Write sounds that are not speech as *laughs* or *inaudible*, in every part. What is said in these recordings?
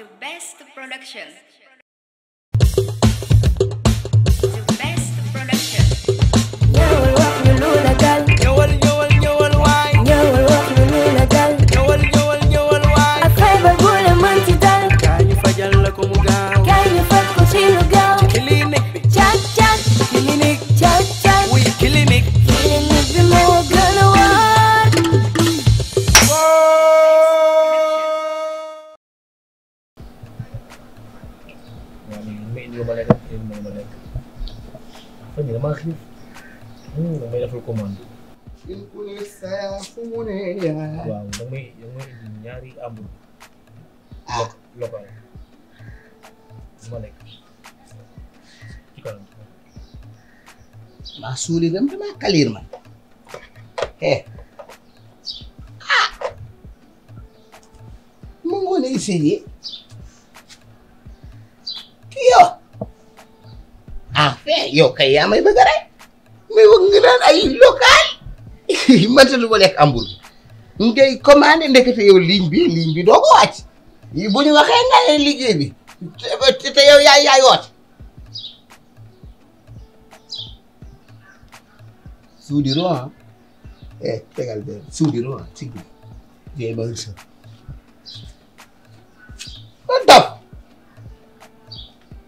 a best production. mu ne eh, yaa. waaw damay damay indi ñaari amul. ah, ah. local ma lekk ci kanam. maa suuli dem damaa kalir man. eh ah mu ngoon essayé kii yow ah eh, yow kay yaa may bëgg rek mais wax nga naan ay local. *laughs* man lu ma lekk ambur ngay commandé ndekete yow ligne bi ligne bi doo ko wàcc bu ñu liggéey bi te yow yaay yaay woote suudiroo ah eh tegal benn suudiroo ah si biir ngay ba sa man daf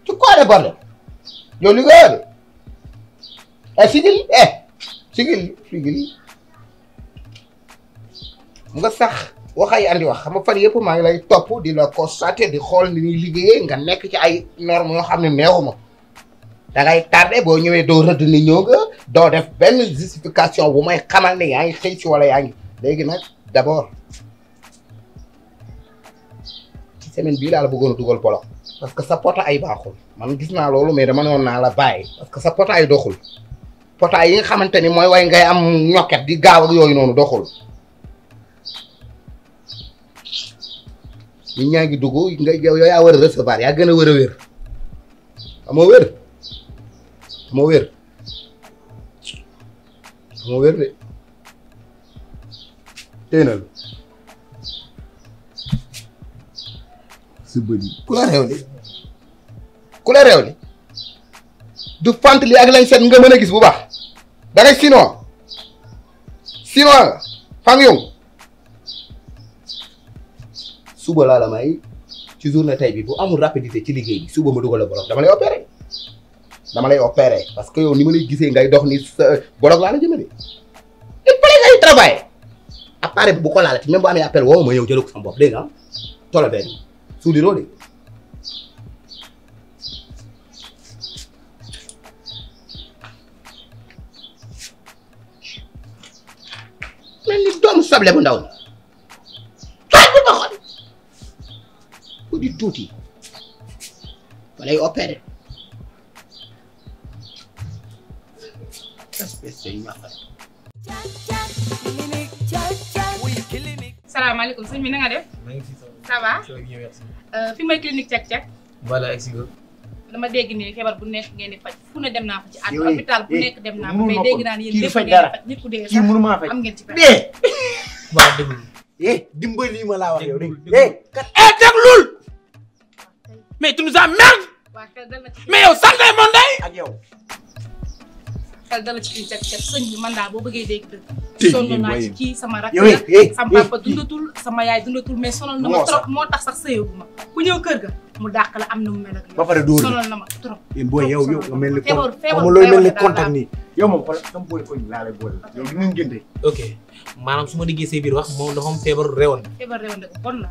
ci quoi de problème yow li nga yore eh sigil eh nga sax wax ay andi wax xam nga fan yëpp maa ngi lay topp di la constaté di xool ni ñuy liggéeyee nga nekk ci ay normes yoo xam ne neexuma da ngay tardé boo ñëwee doo rëdd ni ñëw nga doo def benn justification bu may xamal ne yaa ngi xëy si wala yaa ngi léegi nag d'abord ci semaine bii laa la bëggoon a dugal bolo parce que sa pota ay baaxul man gis naa loolu mais dama ne woon naa la bàyyi parce que sa pota ay doxul pota yi nga xamante ni mooy way ngay am ñokket di gaaw ak yooyu noonu doxul ñi ñaa ngi dugg nga yow yaa war a recevoir yaa gën a wér a wér amoo wér amoo wér de téy na lu sa bëri ku la réew li du pant ak lañ seet nga mën a bu baax da ngay sinon sinon fang suba laa la may ci journée tey bi bu amul rapidité ci liggéey bi suba ma dugal a bolok dama lay opéré dama lay opéré parce que yow ni ma lay gisee ngay dox ni sa euh, bolok laa la jëmale. il fallait bu ko laalati même bu amee appel jël ko sama bopp dégg nga tolloo ni doomu soble bu ndaw. di tuuti fa lay opéré salaamaaleykum sëñ bi na nga def. maa ngi euh, fi may clinique càq càq. dama dégg ne feebar bu nekk ngeen di faj fu ne dem naa fa ci at hôpital bu eh, nekk dem naa fa mais dégg naa ne yéen ngeen faj nit ku dee sax am ngeen eh! *laughs* eh, dimbali ma laa wax de. eh kat eh mais tu nous as merde. mais yow sant yi day. ak yow. xel dala ci bi man daal boo bëggee dégg naa ci kii sama rakk eh, la eh, sama eh, papa dundatul sama yaay dundatul mais na ma trop moo tax sax sëyewu ma ku ñëw kër ga mu dàq la am na mu mel ak ba pare dóor na ma trop. booy yow yow nga mel ni feebar feebar looy mel ni contact nii yow moom xoolal sama boole yow dinañ gënte ok maanaam su ma déggee say biir wax moom dafa am rewoon. feebar rewoon de bon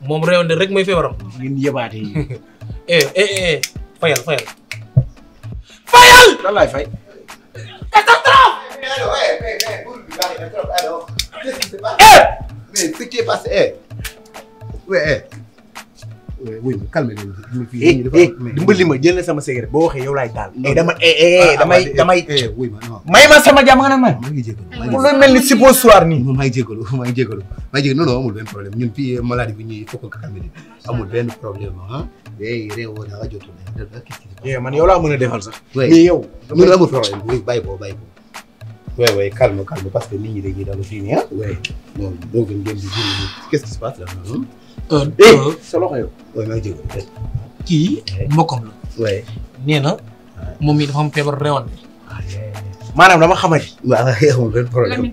moom réewante rek mooy feebaram. ñun yëbaate yi. *laughs* Eh, eh eh eh fayal fayal. fayal. lan laay fay. catastrophe. Eh, eh, eh. mais ce qui est passé eh. wuy ma calme leen dimbali ma jël na sama cigarette boo waxee yow laay taal. Eh, dama eh, eh, ah, ah, damay damay. wuy ma may ma sama jàmm nga naan ma. maa ngi jégalu lu mel ni suppositoire nii. maa ngi jégalu *laughs* maa ngi jégalu maa ngi jégalu non non amul benn problème ñun fii maladie bi ñuy fokk calme leen amul benn problème ah. eh réewoo da nga jotul eh man yow laa mën a defal sax. mais yow. ñun amul problème wuy bàyyi ko bàyyi ko. oui oui calme calme parce que nit ñi dañuy daal fii nii ah. oui bon donc ngeen di qu'est-ce qui se passe là. eh sa loxo yow. waaye maa ngi jégalu. kii mbokkam la. nee na moom mii dafa am feebar rewan. Ah, maanaam dama xamati. waaw amul benn problème.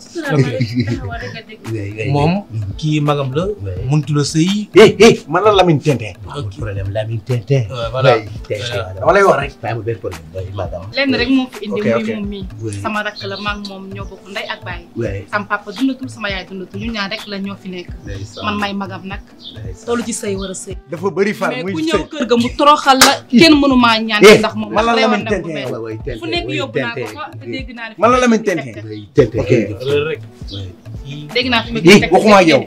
moom kii magam la. mëntu la sëy. man la Lamine Tintin. lenn rek moo fi indi moom mii. sama rakk la maag moom ñoo bokk ndey ak baay. sama papa dundatul sama yaay dundatul ñu ñaar rek la ñoo fi nekk. man may magam nag. toolu ci sëy war a sëy. dafa bëri far muy sëy mais ku ñëw kër ga mu toroxal la kenn mënu ñaan eh, ndax moom. man la Lamine Tintin fu nekk yóbbu naa ko man la Lamine Tente. ok dégg naa fi yow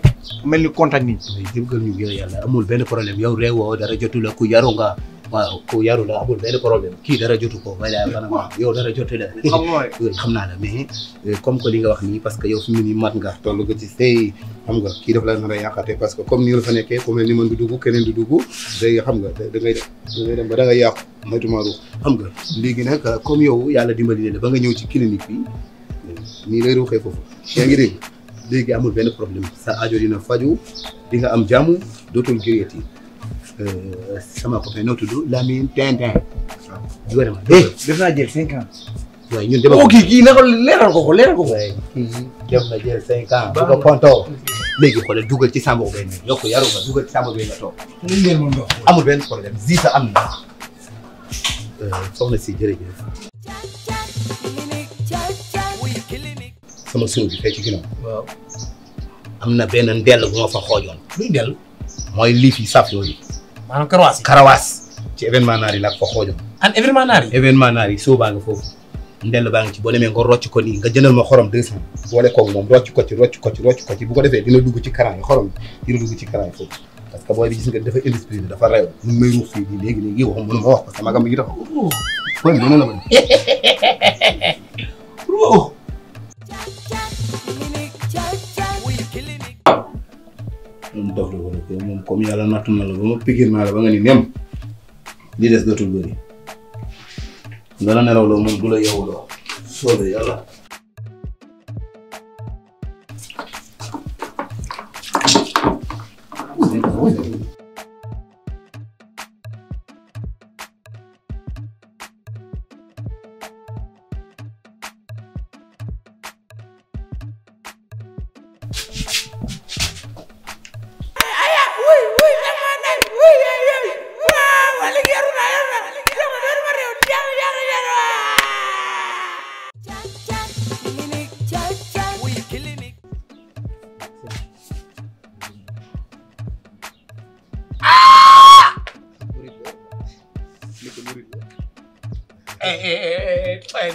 mel ni contact nit. jëm gën ñu yàlla amul benn problème yow réewoo dara jotul ku yaru nga waaw ku yaru la amul benn problème kii dara jotu ko waaye daal vraiment yow dara jotu la. *laughs* xam naa la mais euh, comme que li nga wax ni parce que yow fi mu nii mat nga toll ko ci xam nga kii daf la nar a yàqate parce que comme ni la fa nekkee comme ni man du xam nga da ngay da ngay dem ba da xam nga léegi nag euh, comme yow yàlla dimbali na ba nga ñëw ci clinique bi nii lay ruuxee foofu yaa ngi dégg léegi amul benn problème sa aajo dina faju di nga am jàmm dootul gëreet yi sama copain noo tudd Lamine Tintin. gouvernement eh. def naa jël cinq ans. waaye ñun dama ko oh, kii kii naka leeral ko ko leeral ko ko. kii def na jël cinq ans. bu ko pontoo. léegi xoolal dugal ci sàmm benn yokk yaru ma dugal ci sàmm benn toog. amul benn problème ziita am na. soxna si jërëjëf. sama suuf bi fekk ginnaaw. waaw. am na benn ndell bu ma fa xoojoon. luy ndell. mooy liif yi saf yooyu. maanaam karawaas yi karawaas ci événement naar yi la ko xoojo an événement naar yi événement naar yi soo baa nga foofu ndell baa ngi ci boo demee nga rocc ko nii nga jëndal ma xorom deux cent boole koog moom rocc ko ci rocc ko ci rocc ko bu ko defee dina dugg ci karaan yi xorom bi dina dugg ci karaan yi foofu parce que booy bi gis nga dafa industrie bi dafa rew mu may ruux fii nii léegi léegi waxum mënu ma wax parce que magam bi gi tax kon dina dof la moom comme yàlla nattu na la ba ma pikiir naa la ba nga ni nem li des dootul bëri dana nelaw loo moom du la yow loo soobee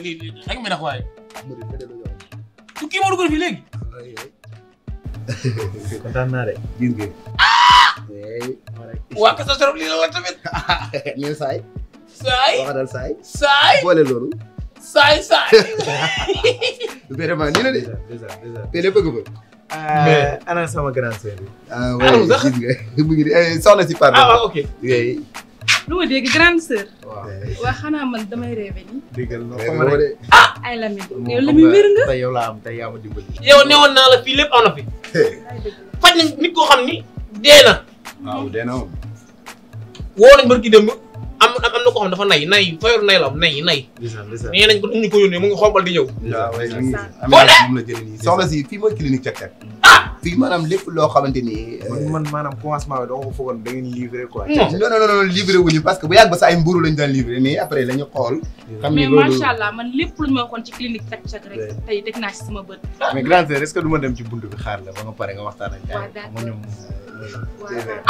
lii rek mi nag waaye. du kii moo dugg fi léegi. kontaan naa de. gis ngeen. waa Kasa Sorof lii la la tamit. nee saay. saay waxal saay. saay boole loolu. saay saay. vraiment nii la de. dèjà dèjà teel bëgg ba. mais ana sama grande sœur bi. ah oui gis nga mu ngi soxna si pardon. ah ok. lu ma dégg grande sœur. waaw xanaa man damay rêvé nii. déggal noo xam ne ah, ay Lamine. yow Lamine wér nga te yow laa am te yaa naa la fii lépp am na fi. *laughs* faj nañ nit koo xam ni dee na. waaw dee na moom. woo nañ barki démb am am na ko xam dafa nay nay fayoru nay la am nay nay. nee nañ ko duñ ñu ko yónnee mu ngi xombal di ñëw. waaw waaye soxna si fii mooy clinique Cag Cag fii maanaam lépp loo xamante ni. man maanaam commencement bi dama ko foogoon da ngeen livré quoi. non non non livré wuñu parce que bu yàgg ba sa ay mburu lañu daan livré mais après la ñu xool. xam ni loolu mais macha allah man lépp luñu ma waxoon ci clinique Tek Tek rek tey teg naa si sama bët. mais grand frère est-ce ma dem ci buntu bi xaar la ba nga pare nga waxtaan ak. waaw d'accord ñoom.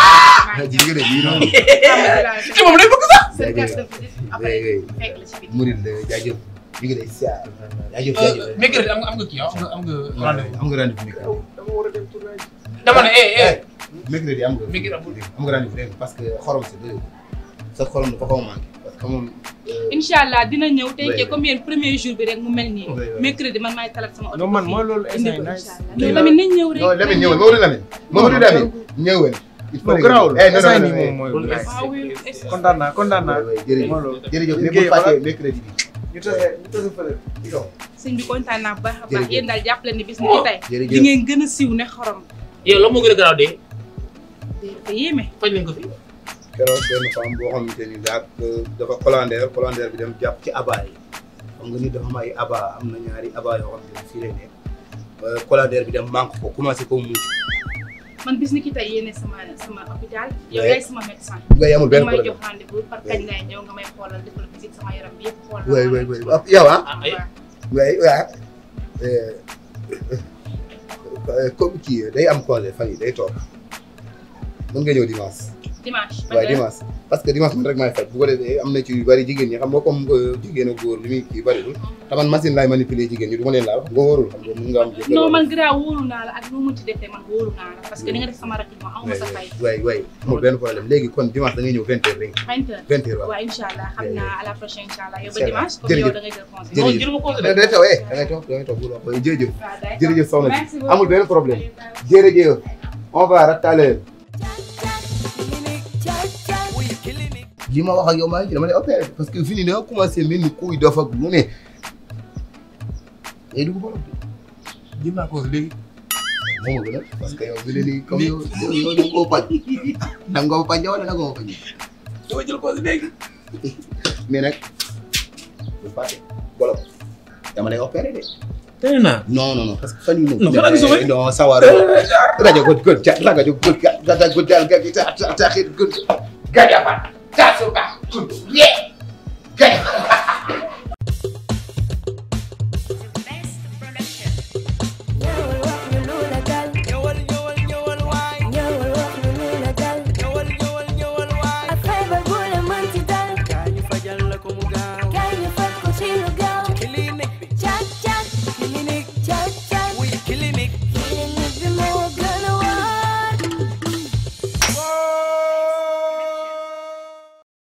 ah jigéen de bii noonu. sax. jërëjëf jërëjëf Mouride jaajëf. jërëjëf jaajëf. mais gërëm am nga kii am nga dama ne eh eh. mercredi am nga. mercredi amul am nga rendez-vous parce que xorom si sa xorom dafa xaw a manqué parce que euh, allah dina ñëw tey jii comme yéen premier jour bi rek mu mel nii. mercredi man maay talal sama. non man mooy loolu instant nañ ñëw rek. non Lamine ñëwal Maodo Lamine. Maodo Lamine ñëwal. il faut que garaawul eh, instant yii moom mooy. Ah kontaan naa kontaan naa. jërëjëf jërëjëf lépp fàtte mercredi bi. ñu tase ñu tase fële ci sëñ bi kontaan naa bu baax a ni bis oh, ni ci tey. jërëjëf ngeen gën a siiw ne xorom. yow la moo gën a garaaw dee. dee dafa yéeme. fañ nañ fi. keroog benn euh, bi dem jàpp ci abaa yi nga ni dafa am ay abaa am na ñaari abaa yoo xam ne fii euh, bi dem manque ko commencé ko mucc man bis ni ki tey yéene sama sama hôpital. yow yaay sama médecin. nga yamul benn problème may jox rendez-vous par kañ lay ñëw nga may xoolal defal visite sama yaram bi yëpp. xoolal waay waay waay yow ah. waay ah, ah. waaw. Euh, *laughs* comme kii day am congé fan yii day toog mën nga ñëw dimanche. dimanche waaw dimanche parce que dimanche man rek maay faj bu ko am na ci yu bëri jigéen ñi xam nga comme euh, jigéen ak góor li muy kii bëriwul te man machine laay jigéen ñi du ma leen laal xam nga wóorul xam nga mun nga am non man grand wóoru naa la ak man wóoru naa la parce que li nga def sama rakk moom amuma sa benn problème léegi kon dimanche da ngay ñëw vingt heures rek vingt heures vingt heures waaw waaw incha allah xam naa à la prochaine incha allah yow ba dimanche comme yow da ngay benn problème jërëjëf on va li ma wax ak yow maa ngi ci dama lay opéré parce que fini danga commencé mel ni kuy dof ak lu ne day dugg borom bi jël naa ko léegi moom la parce que yow bi la léegi comme yow yow da nga koo paj da nga koo paj wala da nga koo paj dama jël ko léegi mais nag bu fàtte borom dama lay opéré de tey naa non non non parce que fan yii moom. non fan ak suuf rek non sawar rajo gud gud rajo gud gud gud gud gud gud gud gud gud gud gud gud so baax tudd yee